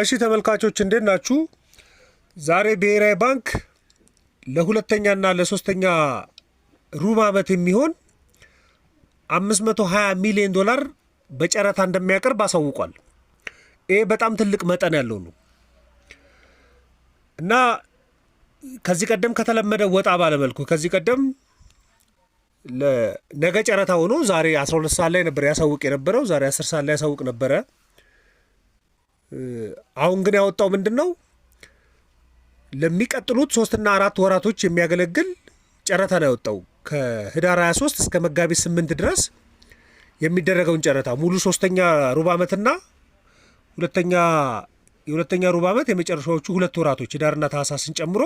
እሺ ተመልካቾች እንዴት ናችሁ? ዛሬ ብሔራዊ ባንክ ለሁለተኛና ለሶስተኛ ሩብ ዓመት የሚሆን 520 ሚሊዮን ዶላር በጨረታ እንደሚያቀርብ አሳውቋል። ይሄ በጣም ትልቅ መጠን ያለው ነው እና ከዚህ ቀደም ከተለመደ ወጣ ባለመልኩ ከዚህ ቀደም ነገ ጨረታ ሆኖ ዛሬ 12 ሰዓት ላይ ነበር ያሳውቅ የነበረው። ዛሬ 10 ሰዓት ላይ ያሳውቅ ነበረ። አሁን ግን ያወጣው ምንድን ነው? ለሚቀጥሉት ሶስትና አራት ወራቶች የሚያገለግል ጨረታ ነው ያወጣው። ከህዳር 23 እስከ መጋቢት 8 ድረስ የሚደረገውን ጨረታ ሙሉ ሶስተኛ ሩብ ዓመትና ሁለተኛ የሁለተኛ ሩብ ዓመት የመጨረሻዎቹ ሁለት ወራቶች ህዳርና ታህሳስን ጨምሮ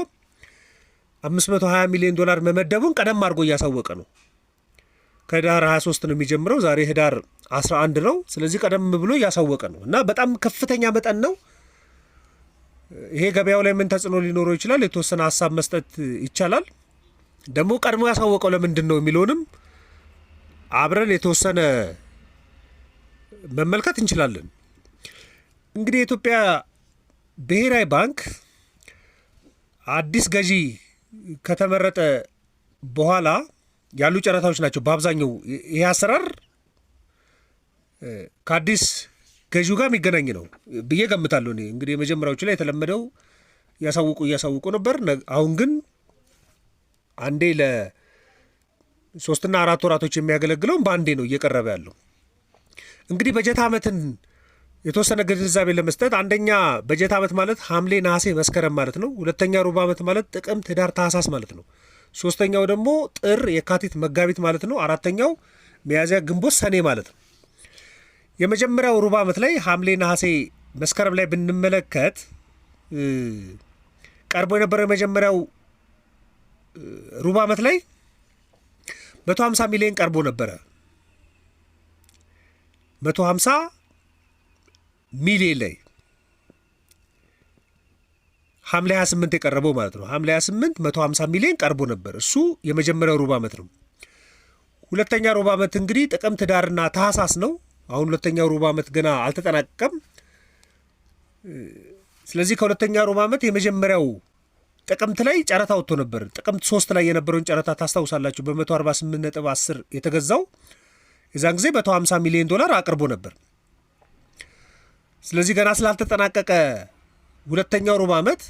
520 ሚሊዮን ዶላር መመደቡን ቀደም አድርጎ እያሳወቀ ነው። ከህዳር 23 ነው የሚጀምረው። ዛሬ ህዳር 11 ነው። ስለዚህ ቀደም ብሎ እያሳወቀ ነው እና በጣም ከፍተኛ መጠን ነው። ይሄ ገበያው ላይ ምን ተጽዕኖ ሊኖረው ይችላል? የተወሰነ ሀሳብ መስጠት ይቻላል። ደግሞ ቀድሞ ያሳወቀው ለምንድን ነው የሚለውንም አብረን የተወሰነ መመልከት እንችላለን። እንግዲህ የኢትዮጵያ ብሔራዊ ባንክ አዲስ ገዢ ከተመረጠ በኋላ ያሉ ጨረታዎች ናቸው በአብዛኛው። ይህ አሰራር ከአዲስ ገዢው ጋር የሚገናኝ ነው ብዬ ገምታለሁ። እኔ እንግዲህ የመጀመሪያዎቹ ላይ የተለመደው እያሳውቁ እያሳውቁ ነበር። አሁን ግን አንዴ ለሶስትና አራት ወራቶች የሚያገለግለውን በአንዴ ነው እየቀረበ ያለው። እንግዲህ በጀት ዓመትን የተወሰነ ግንዛቤ ለመስጠት አንደኛ በጀት ዓመት ማለት ሐምሌ፣ ነሐሴ፣ መስከረም ማለት ነው። ሁለተኛ ሩብ ዓመት ማለት ጥቅምት፣ ህዳር፣ ታህሳስ ማለት ነው። ሶስተኛው ደግሞ ጥር፣ የካቲት፣ መጋቢት ማለት ነው። አራተኛው ሚያዝያ፣ ግንቦት፣ ሰኔ ማለት ነው። የመጀመሪያው ሩብ ዓመት ላይ ሐምሌ፣ ነሐሴ፣ መስከረም ላይ ብንመለከት ቀርቦ የነበረው የመጀመሪያው ሩብ ዓመት ላይ 150 ሚሊዮን ቀርቦ ነበረ። 150 ሚሊዮን ላይ ሐምሌ 28 የቀረበው ማለት ነው። ሐምሌ 28 150 ሚሊዮን ቀርቦ ነበር። እሱ የመጀመሪያው ሩብ ዓመት ነው። ሁለተኛ ሩብ ዓመት እንግዲህ ጥቅምት፣ ዳርና ታህሳስ ነው። አሁን ሁለተኛው ሩብ ዓመት ገና አልተጠናቀቀም። ስለዚህ ከሁለተኛ ሩብ ዓመት የመጀመሪያው ጥቅምት ላይ ጨረታ ወጥቶ ነበር። ጥቅምት ሶስት ላይ የነበረውን ጨረታ ታስታውሳላችሁ። በ148 ነጥብ 10 የተገዛው የዛን ጊዜ 150 ሚሊዮን ዶላር አቅርቦ ነበር። ስለዚህ ገና ስላልተጠናቀቀ ሁለተኛው ሩብ ዓመት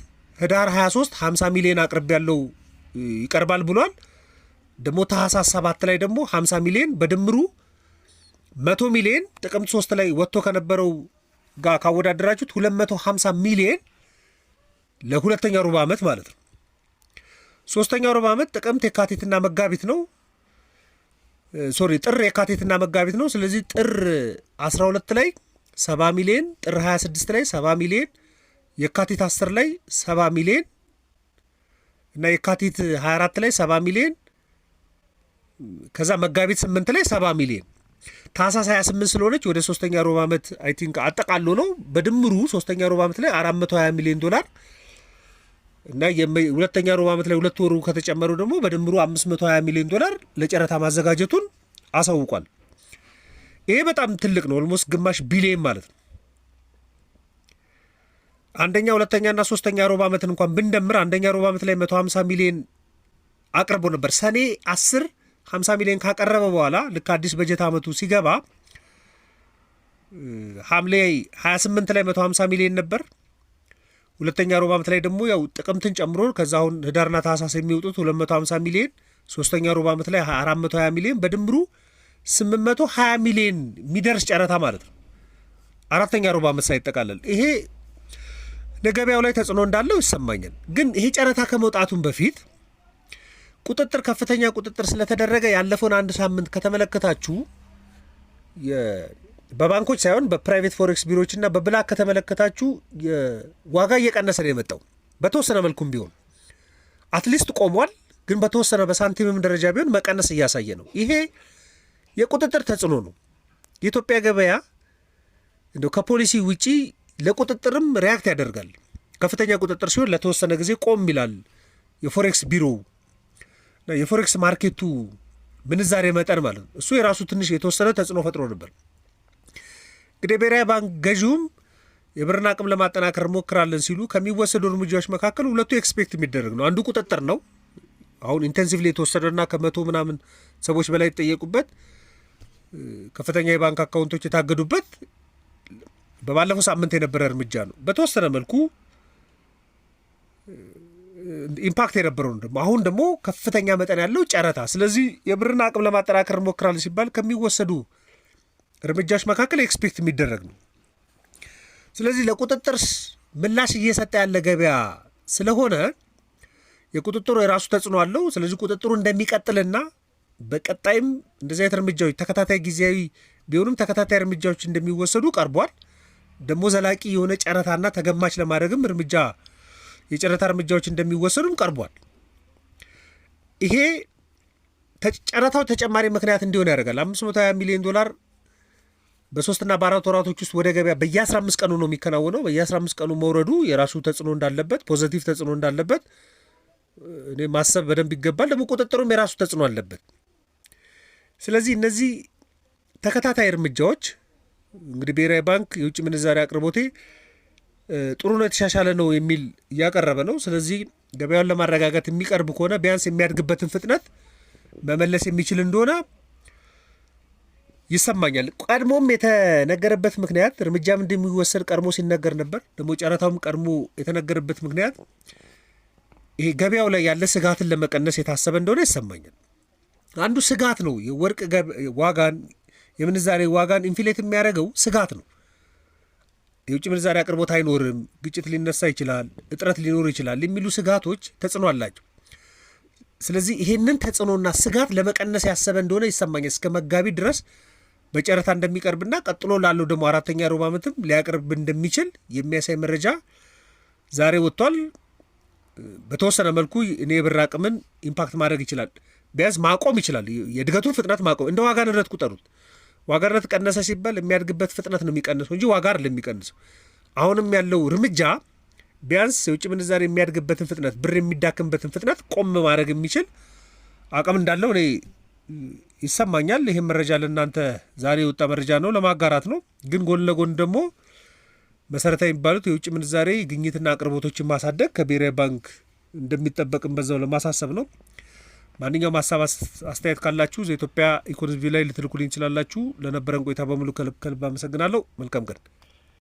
ህዳር 23 50 ሚሊዮን አቅርብ ያለው ይቀርባል ብሏል። ደግሞ ታህሳስ 7 ላይ ደግሞ 50 ሚሊዮን በድምሩ 100 ሚሊዮን ጥቅምት 3 ላይ ወጥቶ ከነበረው ጋር ካወዳደራችሁት 250 ሚሊዮን ለሁለተኛ ሩብ ዓመት ማለት ነው። ሶስተኛው ሩብ ዓመት ጥቅምት የካቲትና መጋቢት ነው። ሶሪ ጥር የካቲትና መጋቢት ነው። ስለዚህ ጥር 12 ላይ 70 ሚሊዮን፣ ጥር 26 ላይ 70 ሚሊዮን የካቲት 10 ላይ 70 ሚሊዮን እና የካቲት 24 ላይ 70 ሚሊዮን ከዛ መጋቢት 8 ላይ 70 ሚሊዮን ታህሳስ 28 ስለሆነች ወደ ሶስተኛ ሩብ ዓመት አይ ቲንክ አጠቃሎ ነው። በድምሩ ሶስተኛ ሩብ ዓመት ላይ 420 ሚሊዮን ዶላር እና ሁለተኛ ሩብ ዓመት ላይ ሁለት ወሩ ከተጨመሩ ደግሞ በድምሩ 520 ሚሊዮን ዶላር ለጨረታ ማዘጋጀቱን አሳውቋል። ይሄ በጣም ትልቅ ነው። ኦልሞስት ግማሽ ቢሊየን ማለት ነው። አንደኛ ሁለተኛና ሶስተኛ ሩብ ዓመትን እንኳን ብንደምር አንደኛ ሩብ ዓመት ላይ 150 ሚሊዮን አቅርቦ ነበር። ሰኔ 10 50 ሚሊዮን ካቀረበ በኋላ ልክ አዲስ በጀት ዓመቱ ሲገባ ሐምሌ 28 ላይ 150 ሚሊዮን ነበር። ሁለተኛ ሩብ ዓመት ላይ ደግሞ ያው ጥቅምትን ጨምሮ ከዛ አሁን ህዳርና ታህሳስ የሚወጡት 250 ሚሊዮን፣ ሶስተኛ ሩብ ዓመት ላይ 420 ሚሊዮን፣ በድምሩ 820 ሚሊዮን የሚደርስ ጨረታ ማለት ነው። አራተኛ ሩብ ዓመት ሳይጠቃለል ይሄ ለገበያው ላይ ተጽዕኖ እንዳለው ይሰማኛል። ግን ይሄ ጨረታ ከመውጣቱም በፊት ቁጥጥር ከፍተኛ ቁጥጥር ስለተደረገ ያለፈውን አንድ ሳምንት ከተመለከታችሁ በባንኮች ሳይሆን በፕራይቬት ፎሬክስ ቢሮዎች እና በብላክ ከተመለከታችሁ ዋጋ እየቀነሰ ነው የመጣው። በተወሰነ መልኩም ቢሆን አትሊስት ቆሟል፣ ግን በተወሰነ በሳንቲምም ደረጃ ቢሆን መቀነስ እያሳየ ነው። ይሄ የቁጥጥር ተጽዕኖ ነው። የኢትዮጵያ ገበያ እንደው ከፖሊሲ ውጪ ለቁጥጥርም ሪያክት ያደርጋል። ከፍተኛ ቁጥጥር ሲሆን ለተወሰነ ጊዜ ቆም ይላል። የፎሬክስ ቢሮ የፎሬክስ ማርኬቱ ምንዛሬ መጠን ማለት ነው። እሱ የራሱ ትንሽ የተወሰነ ተጽዕኖ ፈጥሮ ነበር። እንግዲህ ብሔራዊ ባንክ ገዢውም የብርን አቅም ለማጠናከር እንሞክራለን ሲሉ ከሚወሰዱ እርምጃዎች መካከል ሁለቱ ኤክስፔክት የሚደረግ ነው። አንዱ ቁጥጥር ነው። አሁን ኢንቴንሲቭሊ የተወሰደና ከመቶ ምናምን ሰዎች በላይ የተጠየቁበት ከፍተኛ የባንክ አካውንቶች የታገዱበት በባለፈው ሳምንት የነበረ እርምጃ ነው። በተወሰነ መልኩ ኢምፓክት የነበረው ነው። አሁን ደግሞ ከፍተኛ መጠን ያለው ጨረታ፣ ስለዚህ የብርን አቅም ለማጠናከር እንሞክራለን ሲባል ከሚወሰዱ እርምጃዎች መካከል ኤክስፔክት የሚደረግ ነው። ስለዚህ ለቁጥጥር ምላሽ እየሰጠ ያለ ገበያ ስለሆነ የቁጥጥሩ የራሱ ተጽዕኖ አለው። ስለዚህ ቁጥጥሩ እንደሚቀጥልና በቀጣይም እንደዚህ አይነት እርምጃዎች ተከታታይ ጊዜያዊ ቢሆንም ተከታታይ እርምጃዎች እንደሚወሰዱ ቀርቧል። ደግሞ ዘላቂ የሆነ ጨረታና ተገማች ለማድረግም እርምጃ የጨረታ እርምጃዎች እንደሚወሰዱም ቀርቧል። ይሄ ጨረታው ተጨማሪ ምክንያት እንዲሆን ያደርጋል። 520 ሚሊዮን ዶላር በሶስትና በአራት ወራቶች ውስጥ ወደ ገበያ በየ15 ቀኑ ነው የሚከናወነው። በየ15 ቀኑ መውረዱ የራሱ ተጽዕኖ እንዳለበት ፖዘቲቭ ተጽዕኖ እንዳለበት እኔ ማሰብ በደንብ ይገባል። ደግሞ ቁጥጥሩም የራሱ ተጽዕኖ አለበት። ስለዚህ እነዚህ ተከታታይ እርምጃዎች እንግዲህ ብሔራዊ ባንክ የውጭ ምንዛሪ አቅርቦቴ ጥሩ ነው የተሻሻለ ነው የሚል እያቀረበ ነው። ስለዚህ ገበያውን ለማረጋጋት የሚቀርብ ከሆነ ቢያንስ የሚያድግበትን ፍጥነት መመለስ የሚችል እንደሆነ ይሰማኛል። ቀድሞም የተነገረበት ምክንያት እርምጃም እንደሚወሰድ ቀድሞ ሲነገር ነበር። ደግሞ ጨረታውም ቀድሞ የተነገረበት ምክንያት ይሄ ገበያው ላይ ያለ ስጋትን ለመቀነስ የታሰበ እንደሆነ ይሰማኛል። አንዱ ስጋት ነው የወርቅ ዋጋን የምንዛሬ ዋጋን ኢንፍሌት የሚያደርገው ስጋት ነው። የውጭ ምንዛሬ አቅርቦት አይኖርም፣ ግጭት ሊነሳ ይችላል፣ እጥረት ሊኖር ይችላል የሚሉ ስጋቶች ተጽዕኖ አላቸው። ስለዚህ ይሄንን ተጽዕኖና ስጋት ለመቀነስ ያሰበ እንደሆነ ይሰማኛል። እስከ መጋቢት ድረስ በጨረታ እንደሚቀርብና ቀጥሎ ላለው ደግሞ አራተኛ ሩብ ዓመትም ሊያቀርብ እንደሚችል የሚያሳይ መረጃ ዛሬ ወጥቷል። በተወሰነ መልኩ እኔ የብር አቅምን ኢምፓክት ማድረግ ይችላል፣ ቢያንስ ማቆም ይችላል። የእድገቱን ፍጥነት ማቆም እንደ ዋጋ ንረት ቁጠሩት። ዋጋ ንረት ቀነሰ ሲባል የሚያድግበት ፍጥነት ነው የሚቀንሰው እንጂ ዋጋ አይደለም የሚቀንሰው። አሁንም ያለው እርምጃ ቢያንስ የውጭ ምንዛሬ የሚያድግበትን ፍጥነት፣ ብር የሚዳክምበትን ፍጥነት ቆም ማድረግ የሚችል አቅም እንዳለው እኔ ይሰማኛል። ይህም መረጃ ለእናንተ ዛሬ የወጣ መረጃ ነው፣ ለማጋራት ነው። ግን ጎን ለጎን ደግሞ መሰረታዊ የሚባሉት የውጭ ምንዛሬ ግኝትና አቅርቦቶችን ማሳደግ ከብሔራዊ ባንክ እንደሚጠበቅም በዛው ለማሳሰብ ነው። ማንኛውም ሀሳብ አስተያየት ካላችሁ ዘኢትዮጵያ ኢኮኖሚ ላይ ልትልኩልኝ ይችላላችሁ። ለነበረን ቆይታ በሙሉ ከልብ ከልብ አመሰግናለሁ። መልካም ቀን